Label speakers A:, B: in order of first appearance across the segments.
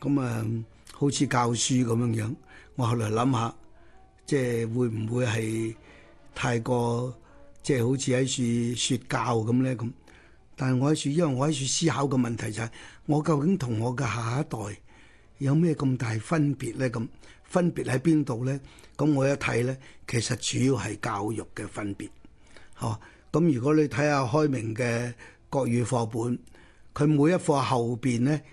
A: 咁啊、嗯，好似教書咁樣樣，我後來諗下，即係會唔會係太過即係好似喺處説教咁咧咁？但係我喺處，因為我喺處思考嘅問題就係、是，我究竟同我嘅下一代有咩咁大分別咧咁？分別喺邊度咧？咁我一睇咧，其實主要係教育嘅分別，嚇。咁如果你睇下開明嘅國語課本，佢每一課後邊咧。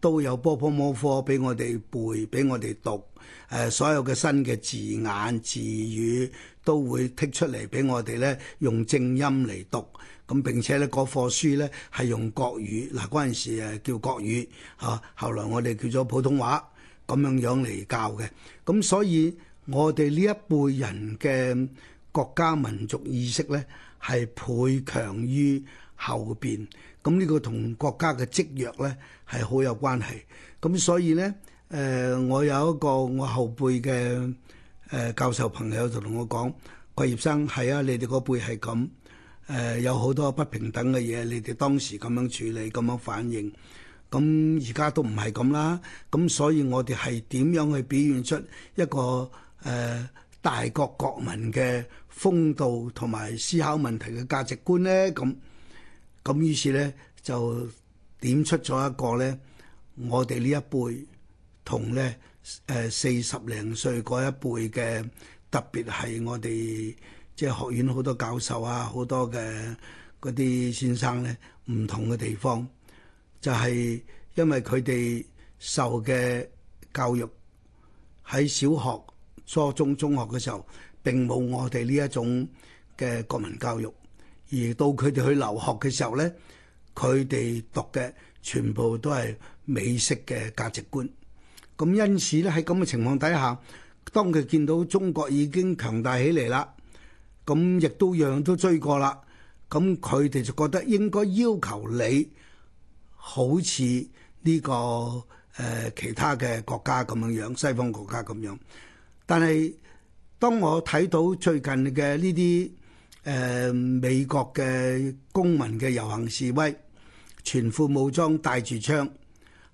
A: 都有波波魔科俾我哋背，俾我哋讀。誒，所有嘅新嘅字眼字語都會剔出嚟俾我哋咧，用正音嚟讀。咁並且咧，嗰課書咧係用國語，嗱，嗰陣時誒叫國語嚇，後來我哋叫咗普通話咁樣樣嚟教嘅。咁所以我哋呢一輩人嘅國家民族意識咧係倍強於後邊。咁呢個同國家嘅積弱咧係好有關係。咁所以咧，誒、呃、我有一個我後輩嘅誒、呃、教授朋友就同我講，桂葉生係啊，你哋嗰輩係咁誒，有好多不平等嘅嘢，你哋當時咁樣處理，咁樣反應。咁而家都唔係咁啦。咁、呃、所以我哋係點樣去表現出一個誒、呃、大國國民嘅風度同埋思考問題嘅價值觀咧？咁、呃咁於是咧就點出咗一個咧，我哋呢一輩同咧誒四十零歲嗰一輩嘅特別係我哋即係學院好多教授啊，好多嘅嗰啲先生咧唔同嘅地方，就係因為佢哋受嘅教育喺小學、初中、中學嘅時候並冇我哋呢一種嘅國民教育。而到佢哋去留學嘅時候咧，佢哋讀嘅全部都係美式嘅價值觀。咁因此咧喺咁嘅情況底下，當佢見到中國已經強大起嚟啦，咁亦都樣樣都追過啦，咁佢哋就覺得應該要求你好似呢、呢個誒、呃、其他嘅國家咁樣樣，西方國家咁樣。但係當我睇到最近嘅呢啲，誒、呃、美國嘅公民嘅遊行示威，全副武裝帶住槍，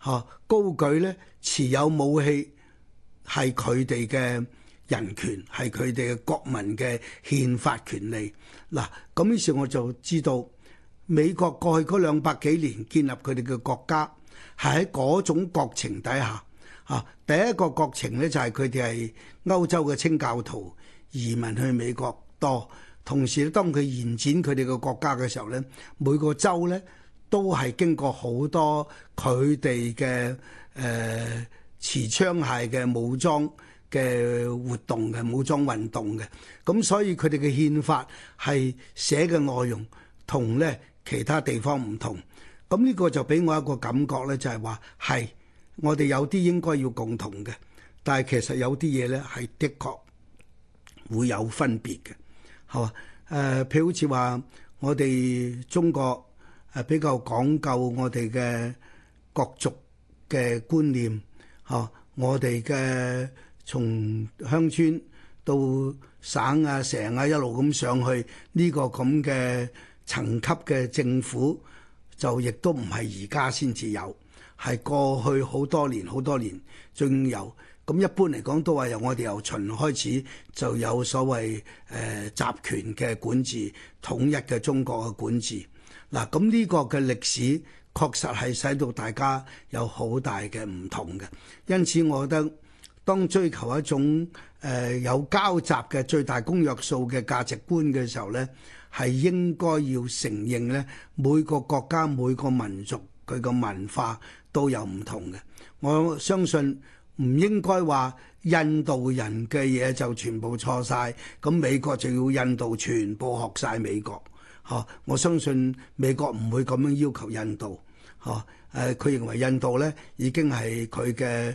A: 嚇、啊、高舉呢，持有武器係佢哋嘅人權，係佢哋嘅國民嘅憲法權利嗱。咁、啊、於是我就知道美國過去嗰兩百幾年建立佢哋嘅國家係喺嗰種國情底下嚇、啊。第一個國情呢，就係佢哋係歐洲嘅清教徒移民去美國多。同時咧，當佢延展佢哋嘅國家嘅時候咧，每個州咧都係經過好多佢哋嘅誒持槍械嘅武裝嘅活動嘅武裝運動嘅。咁所以佢哋嘅憲法係寫嘅內容同咧其他地方唔同。咁呢個就俾我一個感覺咧，就係話係我哋有啲應該要共同嘅，但係其實有啲嘢咧係的確會有分別嘅。係嘛？呃，譬如好似話，我哋中國誒比較講究我哋嘅國族嘅觀念，嚇，我哋嘅從鄉村到省啊、成啊一路咁上去，呢個咁嘅層級嘅政府就亦都唔係而家先至有，係過去好多年、好多年仲有。咁一般嚟講，都係由我哋由秦開始就有所謂誒、呃、集權嘅管治、統一嘅中國嘅管治。嗱，咁呢個嘅歷史確實係使到大家有好大嘅唔同嘅。因此，我覺得當追求一種誒、呃、有交集嘅最大公約數嘅價值觀嘅時候咧，係應該要承認咧每個國家每個民族佢個文化都有唔同嘅。我相信。唔應該話印度人嘅嘢就全部錯晒，咁美國就要印度全部學晒美國。嗬，我相信美國唔會咁樣要求印度。嗬，誒、呃、佢認為印度咧已經係佢嘅誒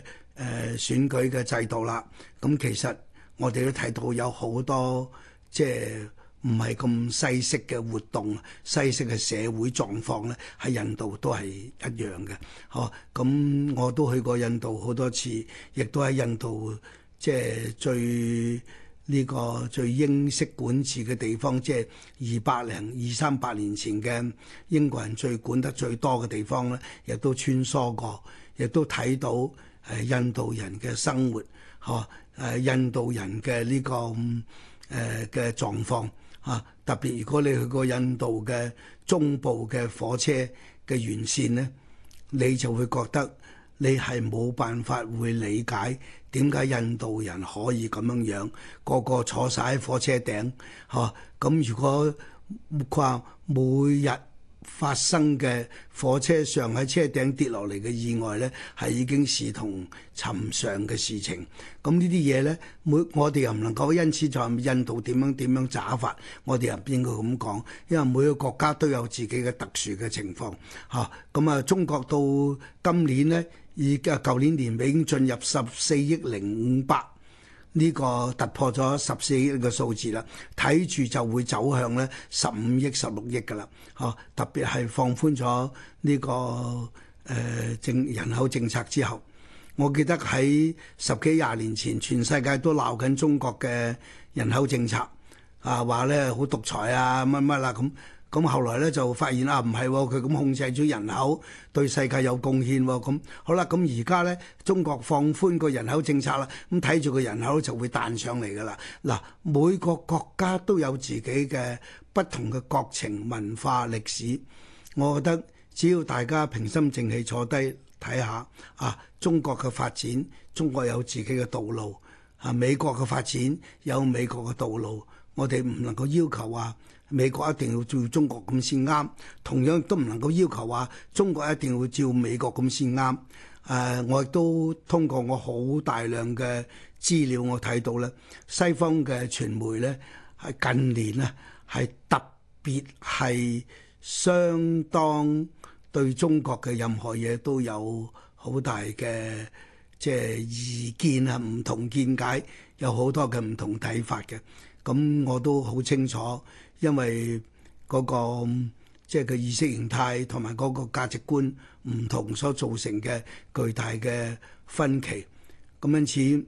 A: 選舉嘅制度啦。咁、嗯、其實我哋都睇到有好多即係。唔係咁西式嘅活動，西式嘅社會狀況咧，喺印度都係一樣嘅。哦，咁我都去過印度好多次，亦都喺印度即係、即係、最呢、呢個最英式管治嘅地方，即係二百零二三百年前嘅英國人最管得最多嘅地方咧，亦都穿梭過，亦都睇到誒、呃、印度人嘅生活，哦，誒、呃、印度人嘅呢、呢個誒嘅、呃、狀況。啊！特別如果你去過印度嘅中部嘅火車嘅沿線咧，你就會覺得你係冇辦法會理解點解印度人可以咁樣樣，個個坐晒喺火車頂嚇。咁、啊、如果唔話每日發生嘅火車上喺車頂跌落嚟嘅意外咧，係已經視同尋常嘅事情。咁呢啲嘢咧，每我哋又唔能夠因此就印度點樣點樣揸法，我哋又唔應該咁講。因為每個國家都有自己嘅特殊嘅情況。嚇、啊，咁、嗯、啊，中國到今年咧，而家舊年年尾已經進入十四億零五百。呢個突破咗十四億個數字啦，睇住就會走向咧十五億、十六億噶啦，嚇！特別係放寬咗呢、呢個誒政、呃、人口政策之後，我記得喺十幾廿年前，全世界都鬧緊中國嘅人口政策，啊話咧好獨裁啊乜乜啦咁。什麼什麼咁後來咧就發現啊，唔係喎，佢咁控制咗人口，對世界有貢獻喎、哦。咁好啦，咁而家咧中國放寬個人口政策啦，咁睇住個人口就會彈上嚟㗎啦。嗱，每個國家都有自己嘅不同嘅國情、文化、歷史。我覺得只要大家平心靜氣坐低睇下看看，啊，中國嘅發展，中國有自己嘅道路，啊，美國嘅發展有美國嘅道路。我哋唔能夠要求啊。美國一定要照中國咁先啱，同樣都唔能夠要求話中國一定要照美國咁先啱。誒、呃，我亦都通過我好大量嘅資料，我睇到咧，西方嘅傳媒咧，喺近年咧係特別係相當對中國嘅任何嘢都有好大嘅即係意見啊，唔同見解，有好多嘅唔同睇法嘅。咁我都好清楚。因為嗰個即係個意識形態同埋嗰個價值觀唔同所造成嘅巨大嘅分歧，咁因此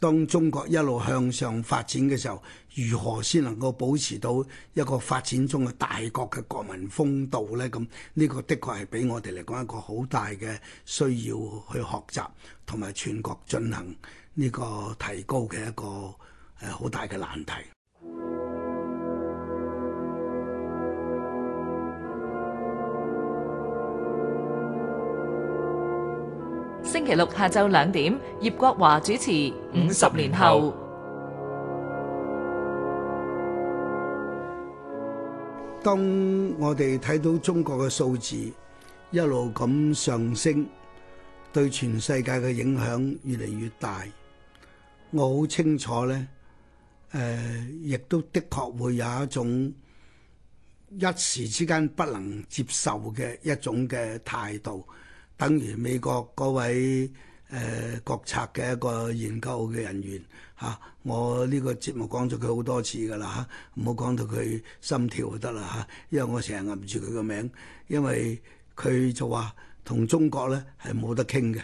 A: 當中國一路向上發展嘅時候，如何先能夠保持到一個發展中嘅大國嘅國民風度咧？咁呢個的確係俾我哋嚟講一個好大嘅需要去學習同埋全國進行呢個提高嘅一個誒好大嘅難題。星期六下晝兩點，葉國華主持《五十年後》。當我哋睇到中國嘅數字一路咁上升，對全世界嘅影響越嚟越大，我好清楚咧，誒，亦都的確會有一種一時之間不能接受嘅一種嘅態度。等於美國嗰位誒、呃、國策嘅一個研究嘅人員嚇、啊，我呢個節目講咗佢好多次㗎啦嚇，唔、啊、好講到佢心跳就得啦嚇，因為我成日揞住佢個名，因為佢就話同中國咧係冇得傾嘅，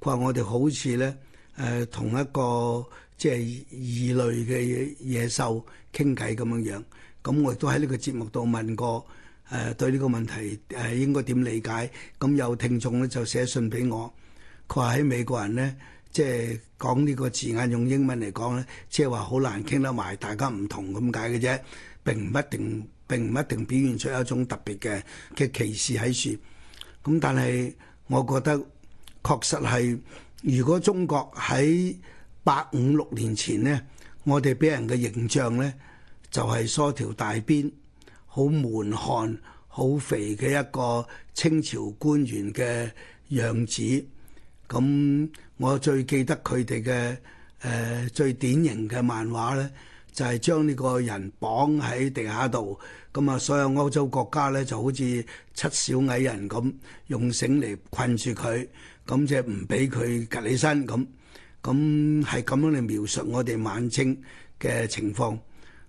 A: 佢話我哋好似咧誒同一個即係、就是、異類嘅野獸傾偈咁樣樣，咁、啊、我亦都喺呢個節目度問過。誒，對呢個問題誒應該點理解？咁有聽眾咧就寫信俾我，佢話喺美國人咧，即係講呢個字眼用英文嚟講咧，即係話好難傾得埋，大家唔同咁解嘅啫。並唔一定，並唔一定表現出一種特別嘅嘅歧視喺處。咁但係我覺得確實係，如果中國喺八五六年前咧，我哋俾人嘅形象咧就係梳條大辮。好滿漢、好肥嘅一個清朝官員嘅樣子，咁我最記得佢哋嘅誒最典型嘅漫畫咧，就係將呢個人綁喺地下度，咁啊所有歐洲國家咧就好似七小矮人咁，用繩嚟困住佢，咁即係唔俾佢趷起身咁，咁係咁樣嚟描述我哋晚清嘅情況，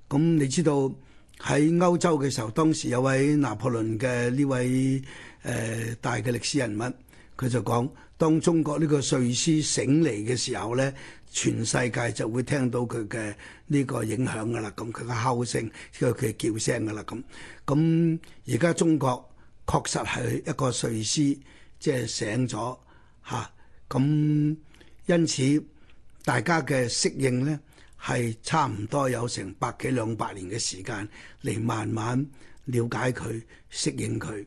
A: 咁你知道？喺歐洲嘅時候，當時有位拿破崙嘅呢位誒、呃、大嘅歷史人物，佢就講：當中國呢個睡獅醒嚟嘅時候咧，全世界就會聽到佢嘅呢個影響㗎喇，咁佢嘅號聲、佢嘅叫聲㗎喇咁。咁而家中國確實係一個睡獅，即、就、係、是、醒咗嚇。咁、啊、因此大家嘅適應咧。係差唔多有成百幾兩百年嘅時間嚟慢慢了解佢、適應佢。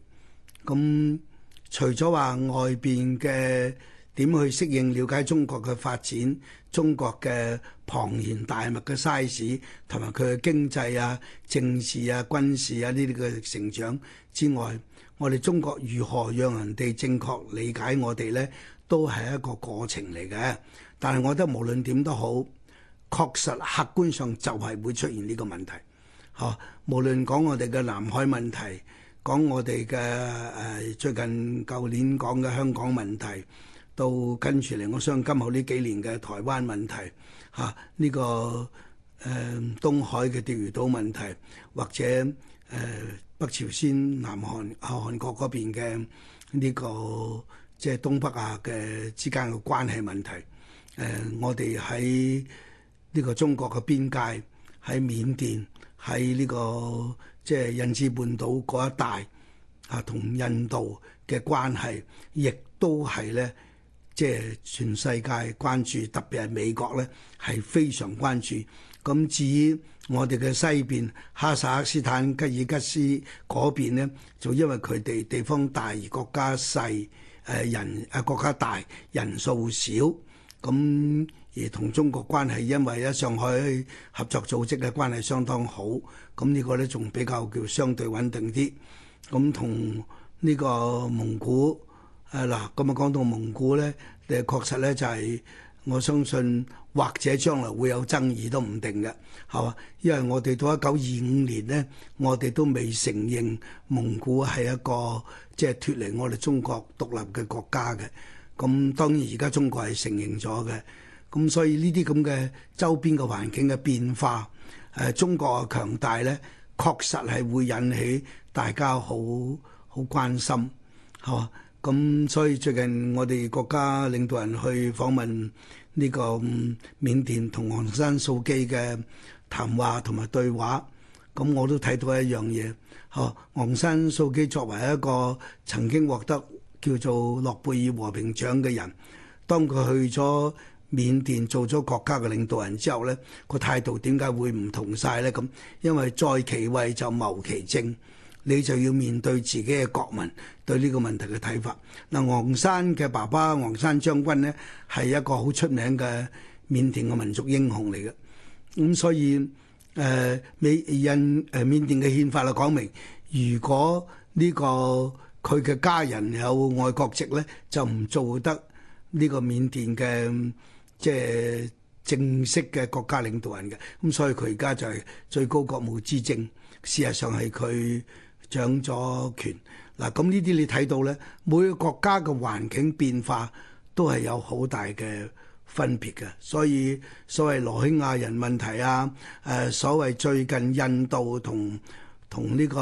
A: 咁除咗話外邊嘅點去適應、了解中國嘅發展、中國嘅龐然大物嘅 size，同埋佢嘅經濟啊、政治啊、軍事啊呢啲嘅成長之外，我哋中國如何讓人哋正確理解我哋呢，都係一個過程嚟嘅。但係我覺得無論點都好。確實，客觀上就係會出現呢個問題。嚇，無論講我哋嘅南海問題，講我哋嘅誒最近舊年講嘅香港問題，到跟住嚟，我相信今後呢幾年嘅台灣問題，嚇、啊、呢、這個誒、呃、東海嘅釣魚島問題，或者誒、呃、北朝鮮、南韓啊韓國嗰邊嘅呢、這個即係、就是、東北亞嘅之間嘅關係問題，誒、呃、我哋喺。呢個中國嘅邊界喺緬甸，喺呢、這個即係、就是、印支半島嗰一帶啊，同印度嘅關係，亦都係咧，即、就、係、是、全世界關注，特別係美國咧，係非常關注。咁至於我哋嘅西邊哈薩克斯坦、吉爾吉斯嗰邊咧，就因為佢哋地方大而國家細，誒人誒、啊、國家大，人數少，咁。而同中國關係，因為喺上海合作組織嘅關係相當好，咁呢個咧仲比較叫相對穩定啲。咁同呢個蒙古啊嗱，咁啊講到蒙古咧，誒確實咧就係我相信或者將來會有爭議都唔定嘅，係嘛？因為我哋到一九二五年咧，我哋都未承認蒙古係一個即係脫離我哋中國獨立嘅國家嘅。咁當然而家中國係承認咗嘅。咁所以呢啲咁嘅周邊嘅環境嘅變化，誒、啊，中國嘅強大咧，確實係會引起大家好好關心，吓，咁所以最近我哋國家領導人去訪問呢個緬甸同昂山素基嘅談話同埋對話，咁我都睇到一樣嘢，嚇昂山素基作為一個曾經獲得叫做諾貝爾和平獎嘅人，當佢去咗。緬甸做咗國家嘅領導人之後咧，個態度點解會唔同晒咧？咁因為在其位就謀其政，你就要面對自己嘅國民對呢個問題嘅睇法。嗱、呃，昂山嘅爸爸昂山將軍咧，係一個好出名嘅緬甸嘅民族英雄嚟嘅。咁、嗯、所以，誒、呃、美印誒、呃、緬甸嘅憲法就講明，如果呢個佢嘅家人有外國籍咧，就唔做得呢個緬甸嘅。即係正式嘅國家領導人嘅，咁所以佢而家就係最高國務資政，事實上係佢掌咗權。嗱、啊，咁呢啲你睇到咧，每個國家嘅環境變化都係有好大嘅分別嘅。所以所謂羅興亞人問題啊，誒、啊、所謂最近印度同同呢個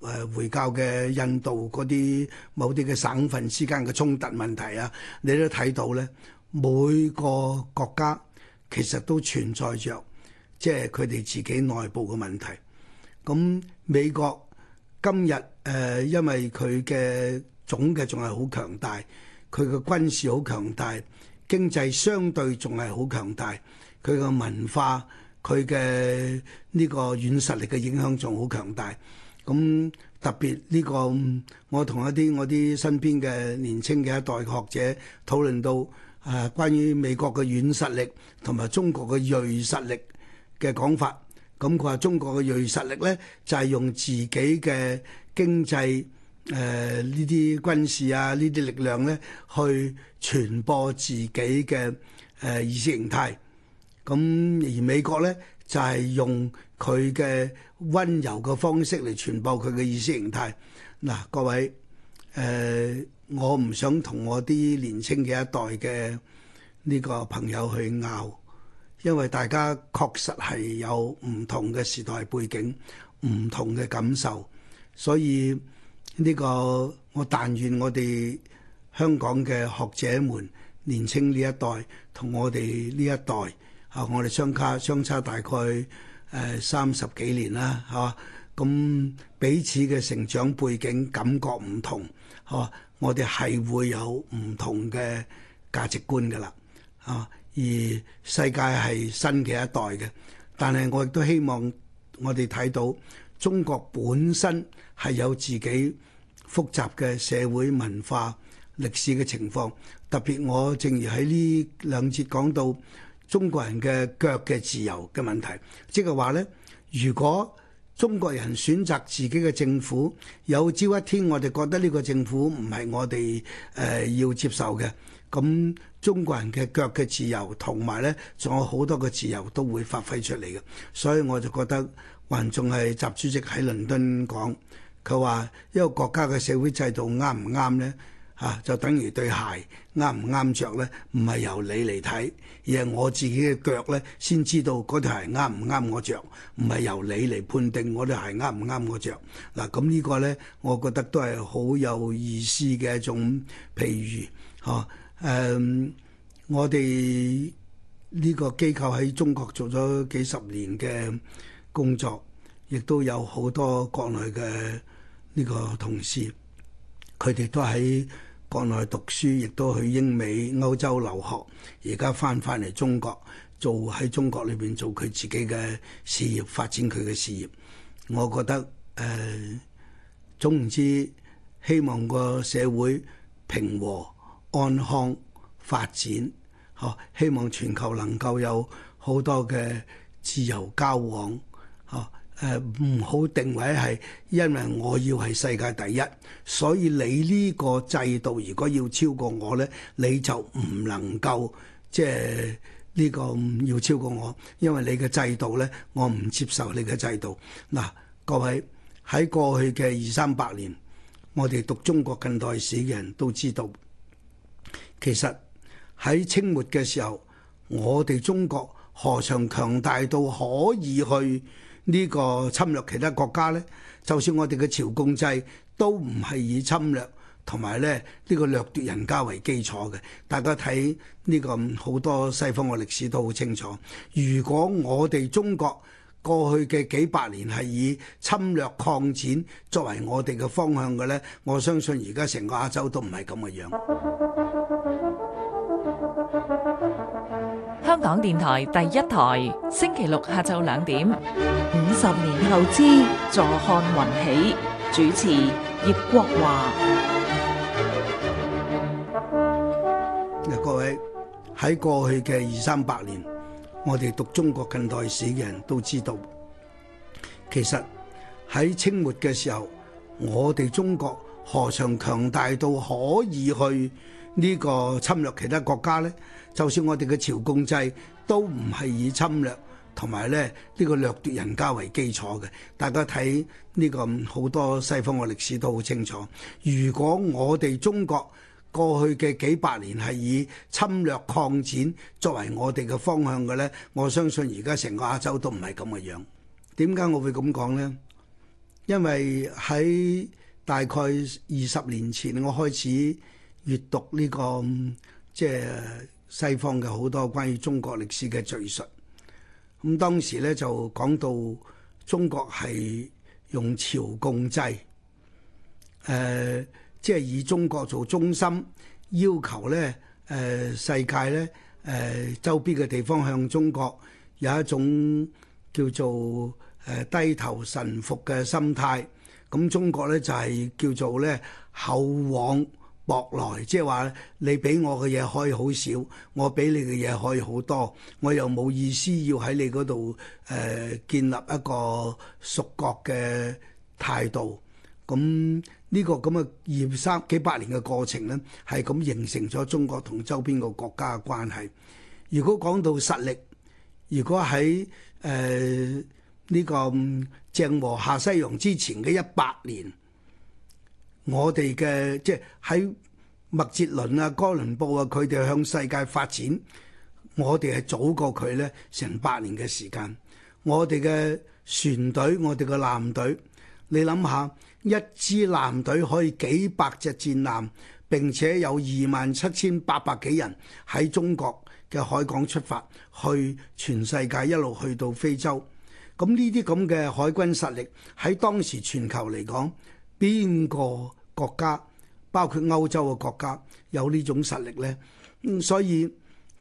A: 誒回教嘅印度嗰啲某啲嘅省份之間嘅衝突問題啊，你都睇到咧。每個國家其實都存在着，即係佢哋自己內部嘅問題。咁美國今日誒，因為佢嘅總嘅仲係好強大，佢嘅軍事好強大，經濟相對仲係好強大，佢嘅文化、佢嘅呢個軟實力嘅影響仲好強大。咁特別呢個，我同一啲我啲身邊嘅年青嘅一代學者討論到。誒，關於美國嘅軟實力同埋中國嘅鋭實力嘅講法，咁佢話中國嘅鋭實力咧，就係用自己嘅經濟誒呢啲軍事啊呢啲力量咧，去傳播自己嘅誒意識形態。咁而美國咧，就係用佢嘅溫柔嘅方式嚟傳播佢嘅意識形態。嗱，各位。誒、呃，我唔想同我啲年青嘅一代嘅呢個朋友去拗，因為大家確實係有唔同嘅時代背景、唔同嘅感受，所以呢、呢個我但願我哋香港嘅學者們年青呢一代同我哋呢一代啊，我哋相差相差大概誒三十幾年啦，嚇、啊，咁彼此嘅成長背景，感覺唔同。哦，我哋係會有唔同嘅價值觀㗎喇，啊，而世界係新嘅一代嘅，但係我亦都希望我哋睇到中國本身係有自己複雜嘅社會文化歷史嘅情況，特別我正如喺呢兩節講到中國人嘅腳嘅自由嘅問題，即係話咧，如果中國人選擇自己嘅政府，有朝一天我哋覺得呢個政府唔係我哋誒、呃、要接受嘅，咁中國人嘅腳嘅自由同埋咧，仲有好多個自由都會發揮出嚟嘅，所以我就覺得還仲係習主席喺倫敦講，佢話一個國家嘅社會制度啱唔啱咧？啊！就等於對鞋啱唔啱着咧，唔係由你嚟睇，而係我自己嘅腳咧先知道嗰對鞋啱唔啱我着。唔係由你嚟判定合合我對鞋啱唔啱我着。嗱、啊，咁呢個咧，我覺得都係好有意思嘅一種譬喻。嚇、啊！誒、嗯，我哋呢個機構喺中國做咗幾十年嘅工作，亦都有好多國內嘅呢個同事。佢哋都喺國內讀書，亦都去英美歐洲留學，而家返返嚟中國做，喺中國裏邊做佢自己嘅事業，發展佢嘅事業。我覺得誒、呃，總言之希望個社會平和安康發展，嚇！希望全球能夠有好多嘅自由交往，嚇！誒唔好定位係，因為我要係世界第一，所以你呢個制度如果要超過我呢，你就唔能夠，即係呢個要超過我，因為你嘅制度呢，我唔接受你嘅制度。嗱，各位喺過去嘅二三百年，我哋讀中國近代史嘅人都知道，其實喺清末嘅時候，我哋中國何嘗強大到可以去，呢個侵略其他國家呢，就算我哋嘅朝貢制都唔係以侵略同埋呢呢個掠奪人家為基礎嘅。大家睇呢個好多西方嘅歷史都好清楚。如果我哋中國過去嘅幾百年係以侵略擴展作為我哋嘅方向嘅呢，我相信而家成個亞洲都唔係咁嘅樣。港電台第一台，星期六下晝兩點。五十年後，坐看雲起。主持葉國華。各位，喺過去嘅二三百年，我哋讀中國近代史嘅人都知道，其實喺清末嘅時候，我哋中國何嘗強大到可以去？呢個侵略其他國家呢，就算我哋嘅朝貢制都唔係以侵略同埋呢、呢個掠奪人家為基礎嘅。大家睇呢個好多西方嘅歷史都好清楚。如果我哋中國過去嘅幾百年係以侵略擴展作為我哋嘅方向嘅呢，我相信而家成個亞洲都唔係咁嘅樣。點解我會咁講呢？因為喺大概二十年前我開始。閲讀呢、這個即係西方嘅好多關於中國歷史嘅敘述，咁、嗯、當時咧就講到中國係用朝貢制，誒、呃、即係以中國做中心，要求咧誒、呃、世界咧誒、呃、周邊嘅地方向中國有一種叫做誒低頭臣服嘅心態，咁、嗯、中國咧就係、是、叫做咧厚往。薄來即係話，就是、你俾我嘅嘢可以好少，我俾你嘅嘢可以好多，我又冇意思要喺你嗰度誒建立一個屬國嘅態度。咁、嗯、呢、這個咁嘅二三幾百年嘅過程咧，係咁形成咗中國同周邊個國家嘅關係。如果講到實力，如果喺誒呢個鄭和下西洋之前嘅一百年。我哋嘅即係喺麥哲倫啊、哥倫布啊，佢哋向世界發展，我哋係早過佢咧成百年嘅時間。我哋嘅船隊，我哋嘅艦隊，你諗下，一支艦隊可以幾百隻戰艦，並且有二萬七千八百幾人喺中國嘅海港出發去全世界一路去到非洲。咁呢啲咁嘅海軍實力喺當時全球嚟講。邊個國家，包括歐洲嘅國家，有呢種實力呢？咁所以，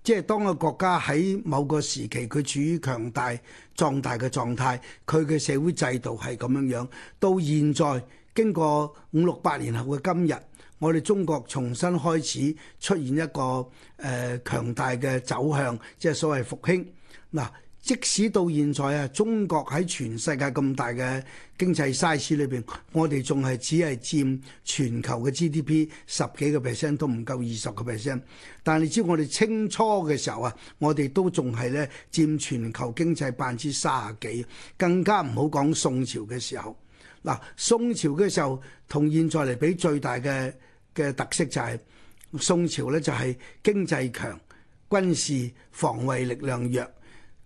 A: 即係當個國家喺某個時期，佢處於強大壯大嘅狀態，佢嘅社會制度係咁樣樣。到現在經過五六百年後嘅今日，我哋中國重新開始出現一個誒強大嘅走向，即係所謂復興嗱。即使到現在啊，中國喺全世界咁大嘅經濟 size 裏邊，我哋仲係只係佔全球嘅 GDP 十幾個 percent，都唔夠二十個 percent。但係你知我哋清初嘅時候啊，我哋都仲係咧佔全球經濟百分之三十幾，更加唔好講宋朝嘅時候嗱。宋朝嘅時候同現在嚟比最大嘅嘅特色就係宋朝咧就係經濟強，軍事防衞力量弱。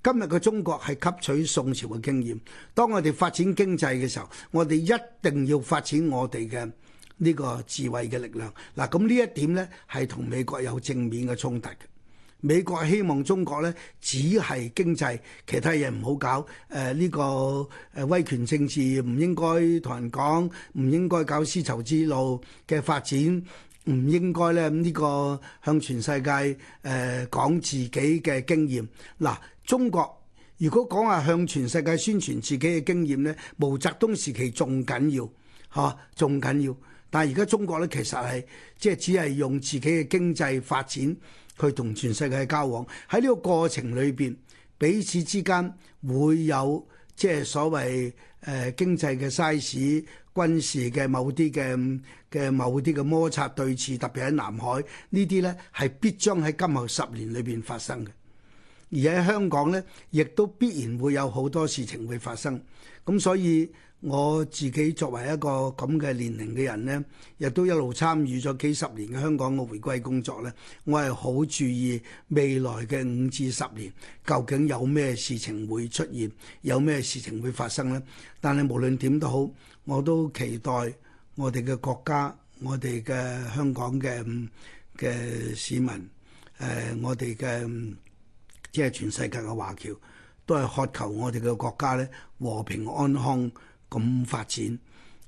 A: 今日嘅中國係吸取宋朝嘅經驗。當我哋發展經濟嘅時候，我哋一定要發展我哋嘅呢個智慧嘅力量。嗱，咁呢一點呢係同美國有正面嘅衝突嘅。美國希望中國呢，只係經濟，其他嘢唔好搞。誒呢個，誒威權政治唔應該同人講，唔應該搞絲綢之路嘅發展，唔應該呢呢個向全世界誒講自己嘅經驗。嗱。中國如果講話向全世界宣傳自己嘅經驗呢，毛澤東時期仲緊要，吓仲緊要。但係而家中國呢，其實係即係只係用自己嘅經濟發展，去同全世界交往，喺呢個過程裏邊，彼此之間會有即係所謂誒、呃、經濟嘅 size、軍事嘅某啲嘅嘅某啲嘅摩擦對峙，特別喺南海呢啲呢，係必將喺今後十年裏邊發生嘅。而喺香港咧，亦都必然會有好多事情會發生。咁所以我自己作為一個咁嘅年齡嘅人咧，亦都一路參與咗幾十年嘅香港嘅回歸工作咧，我係好注意未來嘅五至十年究竟有咩事情會出現，有咩事情會發生咧。但係無論點都好，我都期待我哋嘅國家、我哋嘅香港嘅嘅市民，誒、呃，我哋嘅。即係全世界嘅華僑都係渴求我哋嘅國家咧和平安康咁發展。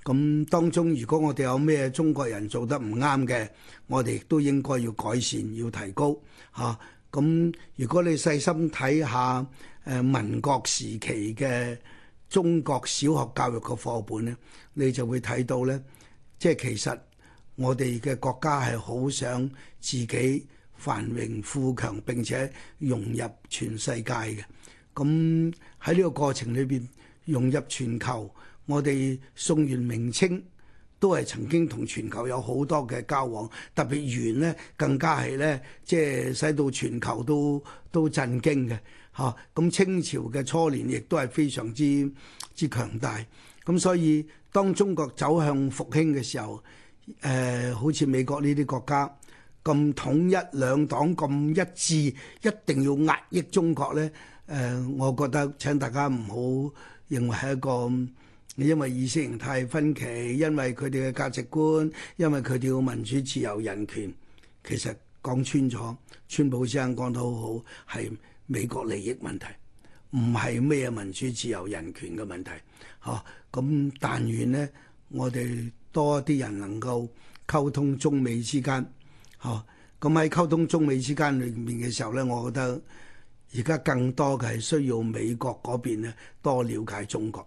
A: 咁當中，如果我哋有咩中國人做得唔啱嘅，我哋都應該要改善，要提高嚇。咁、啊、如果你細心睇下誒、呃、民國時期嘅中國小學教育嘅課本咧，你就會睇到咧，即係其實我哋嘅國家係好想自己。繁榮富強並且融入全世界嘅，咁喺呢個過程裏邊融入全球，我哋宋元明清都係曾經同全球有好多嘅交往，特別元呢更加係呢，即係使到全球都都震驚嘅，嚇咁清朝嘅初年亦都係非常之之強大，咁所以當中國走向復興嘅時候，誒好似美國呢啲國家。咁統一兩黨咁一致，一定要壓抑中國呢？誒、呃，我覺得請大家唔好認為係一個因為意識形態分歧，因為佢哋嘅價值觀，因為佢哋嘅民主自由人權。其實講穿咗，川普先生講得好好，係美國利益問題，唔係咩民主自由人權嘅問題。嚇、啊、咁，但願呢，我哋多啲人能夠溝通中美之間。嚇！咁喺溝通中美之間裏面嘅時候咧，我覺得而家更多嘅係需要美國嗰邊咧多了解中國，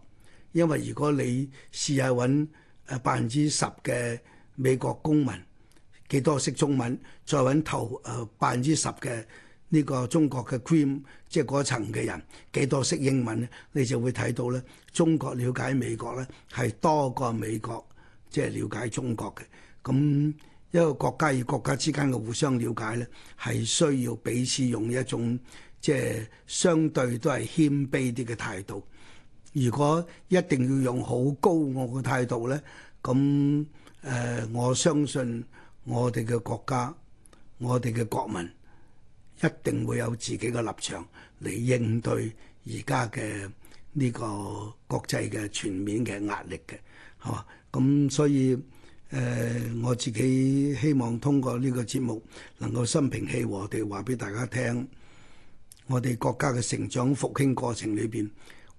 A: 因為如果你試下揾誒百分之十嘅美國公民幾多識中文，再揾透誒百分之十嘅呢個中國嘅 cream，即係嗰層嘅人幾多識英文咧，你就會睇到咧，中國了解美國咧係多過美國即係、就是、了解中國嘅咁。一個國家與國家之間嘅互相了解咧，係需要彼此用一種即係相對都係謙卑啲嘅態度。如果一定要用好高傲嘅態度咧，咁誒、呃，我相信我哋嘅國家、我哋嘅國民一定會有自己嘅立場嚟應對而家嘅呢個國際嘅全面嘅壓力嘅，嚇。咁所以。誒我自己希望通過呢個節目能夠心平氣和地話俾大家聽，我哋國家嘅成長復興過程裏邊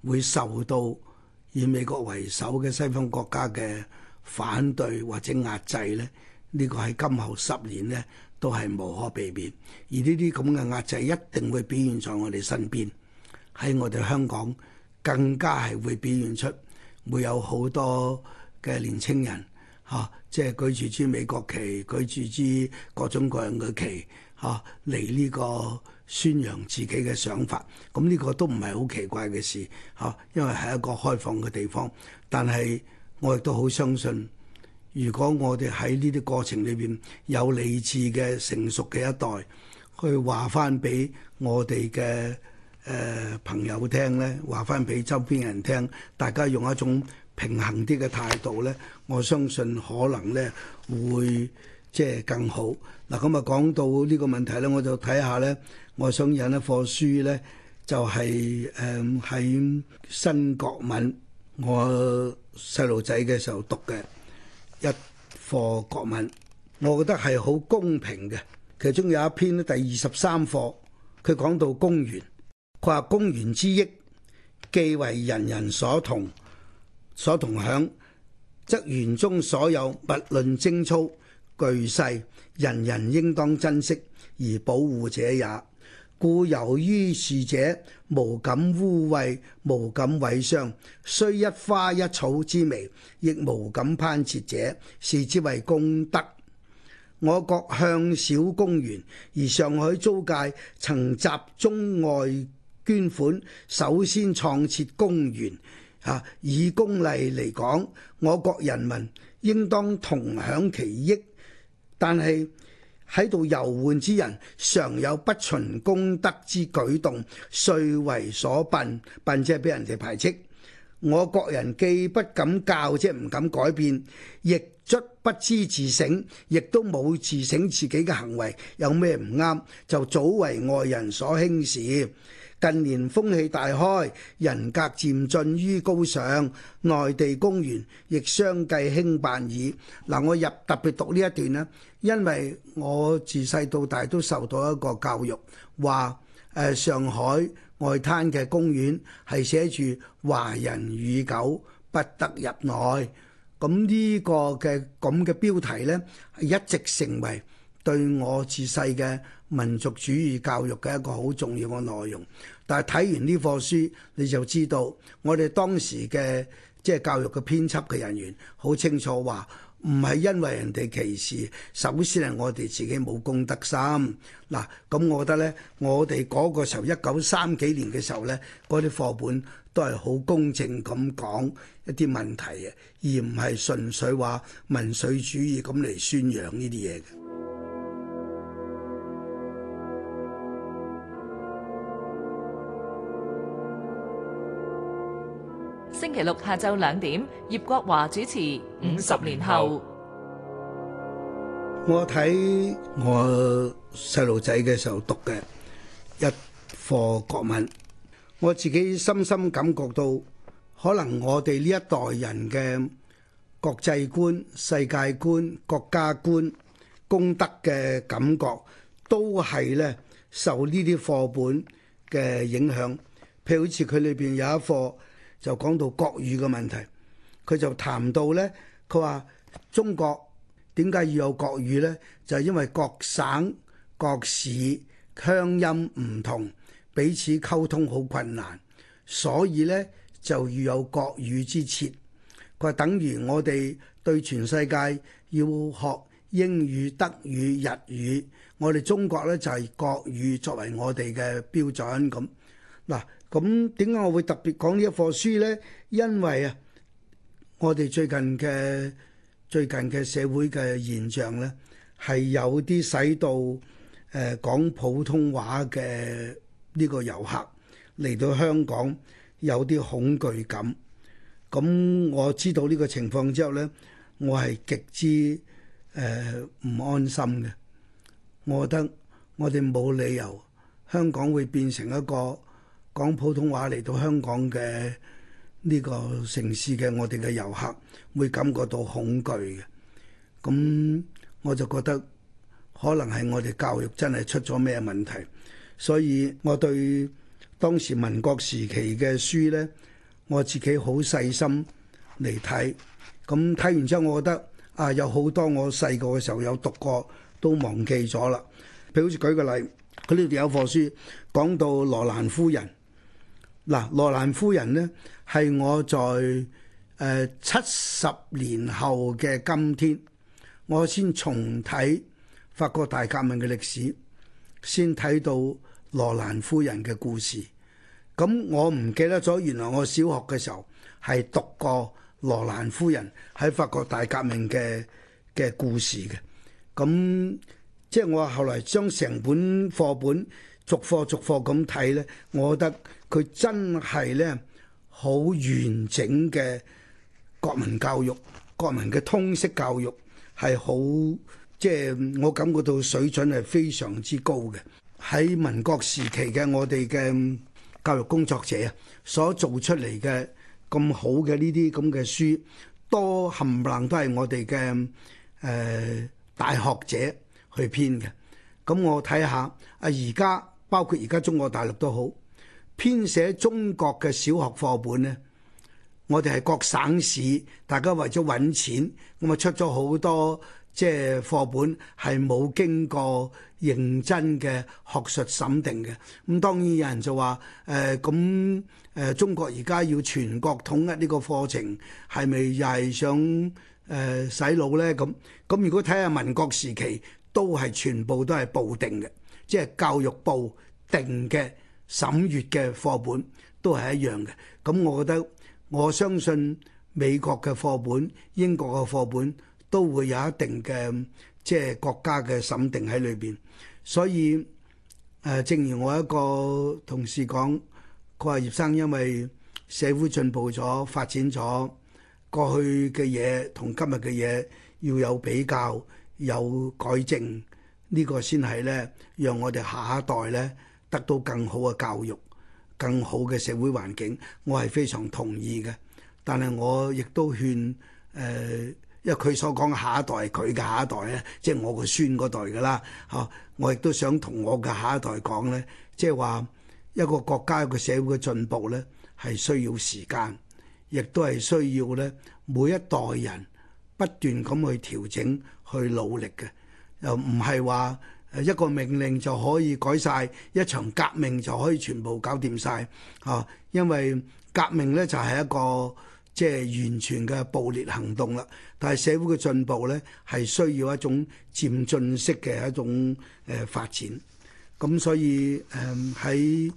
A: 會受到以美國為首嘅西方國家嘅反對或者壓制咧。呢個喺今後十年咧都係無可避免，而呢啲咁嘅壓制一定會表現在我哋身邊，喺我哋香港更加係會表現出會有好多嘅年青人。嚇、啊，即係舉住支美國旗，舉住支各種各樣嘅旗，嚇、啊，嚟呢個宣揚自己嘅想法。咁、嗯、呢、呢個都唔係好奇怪嘅事，嚇、啊，因為係一個開放嘅地方。但係我亦都好相信，如果我哋喺呢啲過程裏邊有理智嘅成熟嘅一代，去話翻俾我哋嘅誒朋友聽咧，話翻俾周邊人聽，大家用一種，平衡啲嘅態度呢，我相信可能呢會即係更好嗱。咁啊，講到呢個問題呢，我就睇下呢。我想引一課書呢，就係誒喺新國文我細路仔嘅時候讀嘅一課國文，我覺得係好公平嘅。其中有一篇第二十三課，佢講到公園，佢話公園之益既為人人所同，所同享，則園中所有，勿論精粗巨細，人人應當珍惜而保護者也。故由於是者，無敢污衊，無敢毀傷，雖一花一草之微，亦無敢攀折者，視之為功德。我國向小公園，而上海租界曾集中外捐款，首先創設公園。以公例嚟講，我國人民應當同享其益，但係喺度遊玩之人，常有不循公德之舉動，遂為所笨，笨即係俾人哋排斥。我國人既不敢教，即唔敢改變，亦卒不知自省，亦都冇自省自己嘅行為有咩唔啱，就早為外人所輕視。近年風氣大開，人格漸進於高尚，內地公園亦相繼興辦矣。嗱，我入特別讀呢一段呢，因為我自細到大都受到一個教育，話誒上海外灘嘅公園係寫住華人與狗不得入內，咁呢個嘅咁嘅標題呢，係一直成為對我自細嘅。民族主義教育嘅一個好重要嘅內容，但係睇完呢課書你就知道，我哋當時嘅即係教育嘅編輯嘅人員好清楚話，唔係因為人哋歧視，首先係我哋自己冇公德心。嗱，咁我覺得呢，我哋嗰個時候一九三幾年嘅時候呢，嗰啲課本都係好公正咁講一啲問題嘅，而唔係純粹話民粹主義咁嚟宣揚呢啲嘢嘅。星期六下晝兩點，葉國華主持《五十年後》。我睇我細路仔嘅時候讀嘅一課國文，我自己深深感覺到，可能我哋呢一代人嘅國際觀、世界觀、國家觀、公德嘅感覺，都係咧受呢啲課本嘅影響。譬如好似佢裏邊有一課。就講到國語嘅問題，佢就談到呢。佢話中國點解要有國語呢？就係因為各省各市鄉音唔同，彼此溝通好困難，所以呢，就要有國語之設。佢話等於我哋對全世界要學英語、德語、日語，我哋中國呢，就係國語作為我哋嘅標準咁嗱。咁點解我會特別講呢一課書咧？因為啊，我哋最近嘅最近嘅社會嘅現象咧，係有啲使到誒、呃、講普通話嘅呢個遊客嚟到香港有啲恐懼感。咁我知道呢個情況之後咧，我係極之誒呃、唔安心嘅。我覺得我哋冇理由香港會變成一個。講普通話嚟到香港嘅呢個城市嘅我哋嘅遊客會感覺到恐懼嘅，咁我就覺得可能係我哋教育真係出咗咩問題，所以我對當時民國時期嘅書呢，我自己好細心嚟睇，咁睇完之後我覺得啊有好多我細個嘅時候有讀過都忘記咗啦，譬如好似舉個例，佢呢度有課書講到羅蘭夫人。嗱，羅蘭夫人呢，係我在誒七十年後嘅今天，我先重睇法國大革命嘅歷史，先睇到羅蘭夫人嘅故事。咁，嗯，我唔記得咗，原來我小學嘅時候係讀過羅蘭夫人喺法國大革命嘅嘅故事嘅。咁，嗯，即係我後來將成本課本。逐課逐課咁睇咧，我覺得佢真係咧好完整嘅國民教育、國民嘅通識教育係好，即係我感覺到水準係非常之高嘅。喺民國時期嘅我哋嘅教育工作者啊，所做出嚟嘅咁好嘅呢啲咁嘅書，多冚唪唥都係我哋嘅誒大學者去編嘅。咁我睇下啊，而家。包括而家中國大陸都好，編寫中國嘅小學課本呢，我哋係各省市大家為咗揾錢，咁咪出咗好多即係、就是、課本，係冇經過認真嘅學術審定嘅。咁當然有人就話誒，咁、呃、誒、呃、中國而家要全國統一呢個課程，係咪又係想誒、呃、洗腦呢？咁咁如果睇下民國時期，都係全部都係布定嘅。即係教育部定嘅審閲嘅課本都係一樣嘅，咁我覺得我相信美國嘅課本、英國嘅課本都會有一定嘅即係國家嘅審定喺裏邊，所以誒，正如我一個同事講，佢話葉生，因為社會進步咗、發展咗，過去嘅嘢同今日嘅嘢要有比較、有改正。呢個先係咧，讓我哋下一代咧得到更好嘅教育、更好嘅社會環境，我係非常同意嘅。但係我亦都勸誒、呃，因為佢所講下一代係佢嘅下一代咧，即係我個孫嗰代㗎啦，嚇、啊！我亦都想同我嘅下一代講咧，即係話一個國家一個社會嘅進步咧係需要時間，亦都係需要咧每一代人不斷咁去調整、去努力嘅。又唔係話一個命令就可以改晒，一場革命就可以全部搞掂晒。啊！因為革命咧就係、是、一個即係、就是、完全嘅暴烈行動啦。但係社會嘅進步咧係需要一種漸進式嘅一種誒發展。咁所以誒喺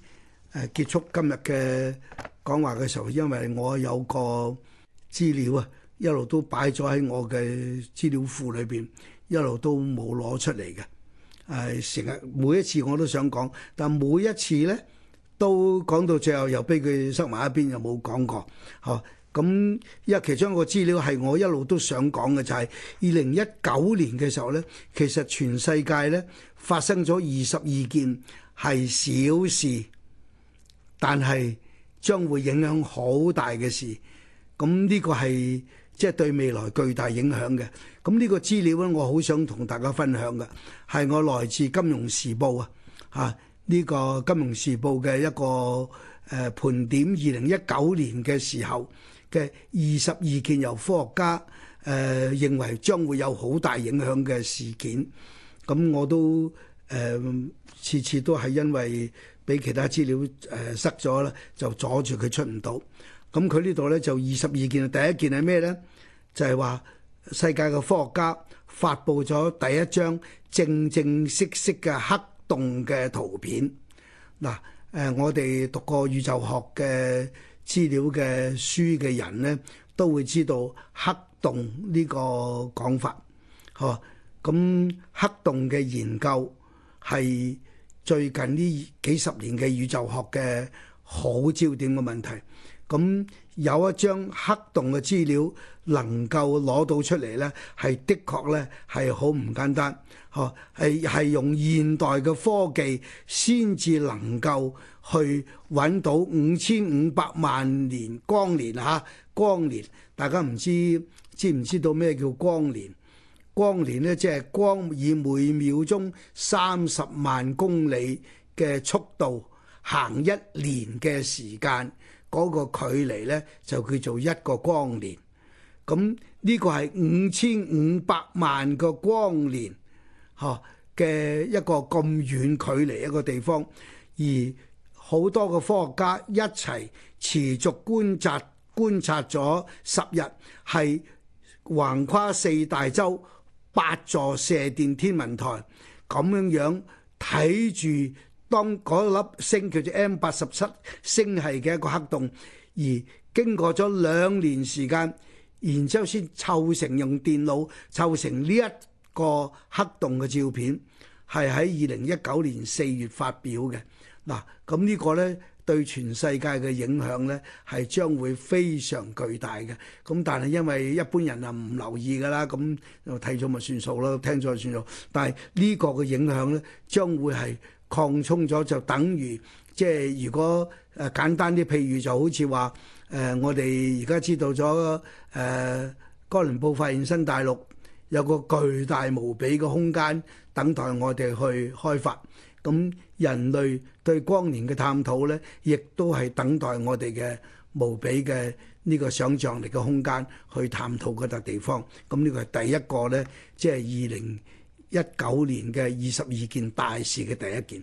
A: 誒結束今日嘅講話嘅時候，因為我有個資料啊，一路都擺咗喺我嘅資料庫裏邊。一路都冇攞出嚟嘅。誒成日每一次我都想講，但每一次呢都講到最後又俾佢收埋一邊，又冇講過。嚇，咁因為其中一個資料係我一路都想講嘅，就係二零一九年嘅時候呢，其實全世界呢發生咗二十二件係小事，但係將會影響好大嘅事。咁呢個係即係對未來巨大影響嘅。咁呢個資料咧，我好想同大家分享嘅，係我來自《金融時報》啊，嚇、這、呢個《金融時報》嘅一個誒盤、呃、點二零一九年嘅時候嘅二十二件由科學家誒、呃、認為將會有好大影響嘅事件。咁、嗯、我都誒次、呃、次都係因為俾其他資料誒、呃、塞咗啦，就阻住佢出唔到。咁、嗯、佢呢度咧就二十二件，第一件係咩咧？就係、是、話。世界嘅科學家發佈咗第一張正正式式嘅黑洞嘅圖片。嗱，誒，我哋讀過宇宙學嘅資料嘅書嘅人呢，都會知道黑洞呢個講法。嗬、啊，咁黑洞嘅研究係最近呢幾十年嘅宇宙學嘅好焦點嘅問題。咁、啊有一張黑洞嘅資料能夠攞到出嚟呢，係的確呢，係好唔簡單，呵，係係用現代嘅科技先至能夠去揾到五千五百萬年光年吓光年，大家唔知知唔知道咩叫光年？光年呢，即係光以每秒鐘三十萬公里嘅速度行一年嘅時間。嗰個距離呢，就叫做一個光年，咁呢個係五千五百萬個光年吓嘅一個咁遠距離一個地方，而好多個科學家一齊持續觀察觀察咗十日，係橫跨四大洲八座射電天文台咁樣樣睇住。當嗰粒星叫做 M 八十七星系嘅一個黑洞，而經過咗兩年時間，然之後先湊成用電腦湊成呢一個黑洞嘅照片，係喺二零一九年四月發表嘅。嗱，咁呢個咧對全世界嘅影響咧係將會非常巨大嘅。咁但係因為一般人啊唔留意㗎啦，咁睇咗咪算數囉，聽咗就算數。但係呢個嘅影響咧，將會係。擴充咗就等於即係如果誒簡單啲，譬如就好似話誒，我哋而家知道咗誒、呃，哥倫布發現新大陸有個巨大無比嘅空間等待我哋去開發。咁人類對光年嘅探討咧，亦都係等待我哋嘅無比嘅呢個想像力嘅空間去探討嗰笪地方。咁呢個係第一個咧，即係二零一九年嘅二十二件大事嘅第一件。